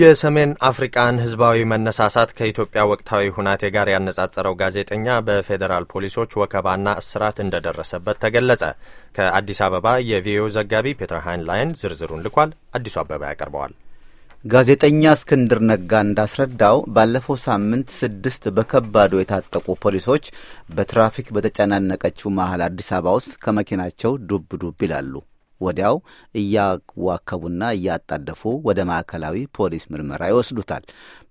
የሰሜን አፍሪቃን ህዝባዊ መነሳሳት ከኢትዮጵያ ወቅታዊ ሁናቴ ጋር ያነጻጸረው ጋዜጠኛ በፌዴራል ፖሊሶች ወከባና እስራት እንደደረሰበት ተገለጸ። ከአዲስ አበባ የቪኦኤው ዘጋቢ ፔተር ሃይንላይን ዝርዝሩን ልኳል። አዲሱ አበባ ያቀርበዋል። ጋዜጠኛ እስክንድር ነጋ እንዳስረዳው ባለፈው ሳምንት ስድስት በከባዱ የታጠቁ ፖሊሶች በትራፊክ በተጨናነቀችው መሀል አዲስ አበባ ውስጥ ከመኪናቸው ዱብ ዱብ ይላሉ። ወዲያው እያዋከቡና እያጣደፉ ወደ ማዕከላዊ ፖሊስ ምርመራ ይወስዱታል።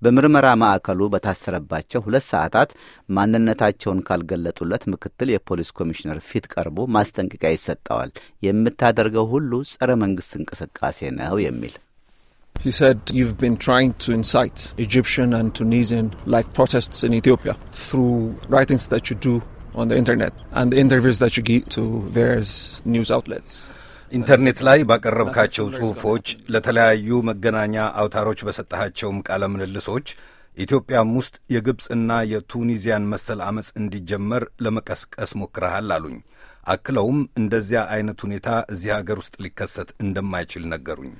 በምርመራ ማዕከሉ በታሰረባቸው ሁለት ሰዓታት ማንነታቸውን ካልገለጡለት ምክትል የፖሊስ ኮሚሽነር ፊት ቀርቦ ማስጠንቀቂያ ይሰጠዋል። የምታደርገው ሁሉ ጸረ መንግስት እንቅስቃሴ ነው የሚል He said, You've been trying to incite Egyptian and Tunisian like protests in Ethiopia through writings that you do on the internet and the interviews that you give to various news outlets. ኢንተርኔት ላይ ባቀረብካቸው ጽሑፎች፣ ለተለያዩ መገናኛ አውታሮች በሰጠሃቸውም ቃለ ምልልሶች ኢትዮጵያም ውስጥ የግብፅና የቱኒዚያን መሰል አመፅ እንዲጀመር ለመቀስቀስ ሞክረሃል አሉኝ። አክለውም እንደዚያ አይነት ሁኔታ እዚህ አገር ውስጥ ሊከሰት እንደማይችል ነገሩኝ።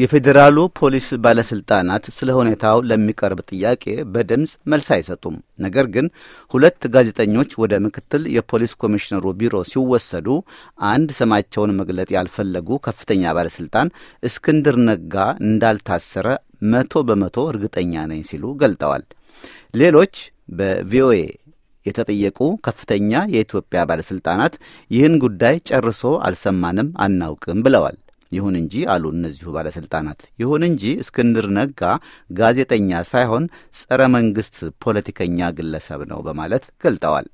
የፌዴራሉ ፖሊስ ባለስልጣናት ስለ ሁኔታው ለሚቀርብ ጥያቄ በድምፅ መልስ አይሰጡም። ነገር ግን ሁለት ጋዜጠኞች ወደ ምክትል የፖሊስ ኮሚሽነሩ ቢሮ ሲወሰዱ አንድ ስማቸውን መግለጥ ያልፈለጉ ከፍተኛ ባለስልጣን እስክንድር ነጋ እንዳልታሰረ መቶ በመቶ እርግጠኛ ነኝ ሲሉ ገልጠዋል። ሌሎች በቪኦኤ የተጠየቁ ከፍተኛ የኢትዮጵያ ባለስልጣናት ይህን ጉዳይ ጨርሶ አልሰማንም፣ አናውቅም ብለዋል። ይሁን እንጂ አሉ እነዚሁ ባለሥልጣናት፣ ይሁን እንጂ እስክንድር ነጋ ጋዜጠኛ ሳይሆን ጸረ መንግሥት ፖለቲከኛ ግለሰብ ነው በማለት ገልጠዋል።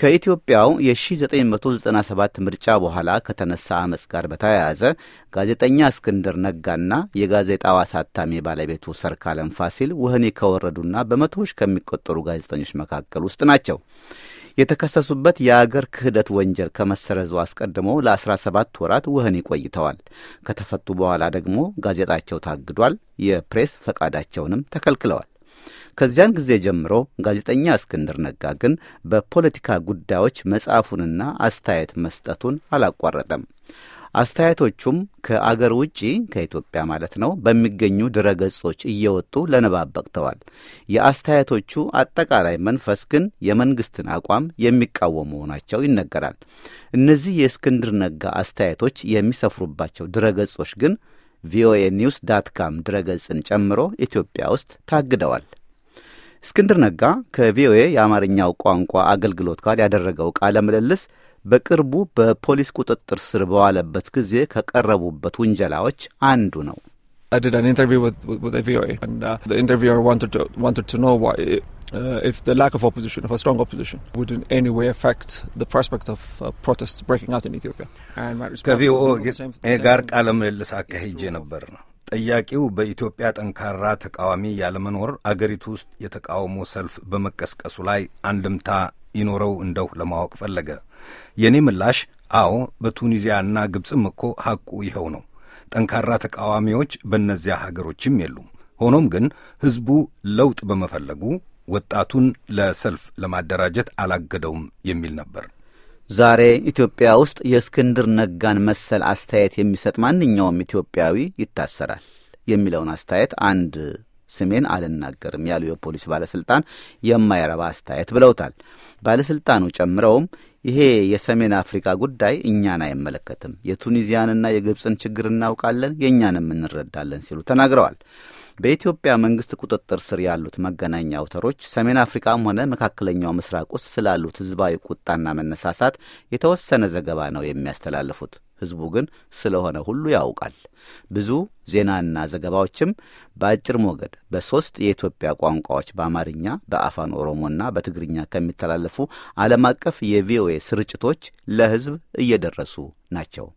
ከኢትዮጵያው የ1997 ምርጫ በኋላ ከተነሳ አመፅ ጋር በተያያዘ ጋዜጠኛ እስክንድር ነጋና የጋዜጣው አሳታሚ ባለቤቱ ሰርካለም ፋሲል ወህኒ ከወረዱና በመቶዎች ከሚቆጠሩ ጋዜጠኞች መካከል ውስጥ ናቸው። የተከሰሱበት የአገር ክህደት ወንጀል ከመሰረዙ አስቀድሞ ለ17 ወራት ወህኒ ቆይተዋል። ከተፈቱ በኋላ ደግሞ ጋዜጣቸው ታግዷል። የፕሬስ ፈቃዳቸውንም ተከልክለዋል። ከዚያን ጊዜ ጀምሮ ጋዜጠኛ እስክንድር ነጋ ግን በፖለቲካ ጉዳዮች መጽሐፉንና አስተያየት መስጠቱን አላቋረጠም። አስተያየቶቹም ከአገር ውጪ ከኢትዮጵያ ማለት ነው በሚገኙ ድረገጾች እየወጡ ለንባብ በቅተዋል። የአስተያየቶቹ አጠቃላይ መንፈስ ግን የመንግስትን አቋም የሚቃወሙ መሆናቸው ይነገራል። እነዚህ የእስክንድር ነጋ አስተያየቶች የሚሰፍሩባቸው ድረገጾች ግን ቪኦኤ ኒውስ ዳት ካም ድረገጽን ጨምሮ ኢትዮጵያ ውስጥ ታግደዋል። እስክንድር ነጋ ከቪኦኤ የአማርኛው ቋንቋ አገልግሎት ጋር ያደረገው ቃለ ምልልስ በቅርቡ በፖሊስ ቁጥጥር ስር በዋለበት ጊዜ ከቀረቡበት ውንጀላዎች አንዱ ነው። ከቪኦኤ ጋር ቃለ ምልልስ አካሂጄ ነበር። ጠያቂው በኢትዮጵያ ጠንካራ ተቃዋሚ ያለመኖር አገሪቱ ውስጥ የተቃውሞ ሰልፍ በመቀስቀሱ ላይ አንድምታ ይኖረው እንደው ለማወቅ ፈለገ። የእኔ ምላሽ አዎ፣ በቱኒዚያና ግብፅም እኮ ሐቁ ይኸው ነው። ጠንካራ ተቃዋሚዎች በእነዚያ ሀገሮችም የሉም። ሆኖም ግን ሕዝቡ ለውጥ በመፈለጉ ወጣቱን ለሰልፍ ለማደራጀት አላገደውም የሚል ነበር። ዛሬ ኢትዮጵያ ውስጥ የእስክንድር ነጋን መሰል አስተያየት የሚሰጥ ማንኛውም ኢትዮጵያዊ ይታሰራል የሚለውን አስተያየት አንድ ስሜን አልናገርም ያሉ የፖሊስ ባለስልጣን የማይረባ አስተያየት ብለውታል። ባለስልጣኑ ጨምረውም ይሄ የሰሜን አፍሪካ ጉዳይ እኛን አይመለከትም፣ የቱኒዚያንና የግብፅን ችግር እናውቃለን፣ የእኛንም እንረዳለን ሲሉ ተናግረዋል። በኢትዮጵያ መንግስት ቁጥጥር ስር ያሉት መገናኛ አውታሮች ሰሜን አፍሪካም ሆነ መካከለኛው ምስራቅ ውስጥ ስላሉት ህዝባዊ ቁጣና መነሳሳት የተወሰነ ዘገባ ነው የሚያስተላልፉት። ህዝቡ ግን ስለሆነ ሁሉ ያውቃል። ብዙ ዜናና ዘገባዎችም በአጭር ሞገድ በሶስት የኢትዮጵያ ቋንቋዎች በአማርኛ፣ በአፋን ኦሮሞና በትግርኛ ከሚተላለፉ ዓለም አቀፍ የቪኦኤ ስርጭቶች ለህዝብ እየደረሱ ናቸው።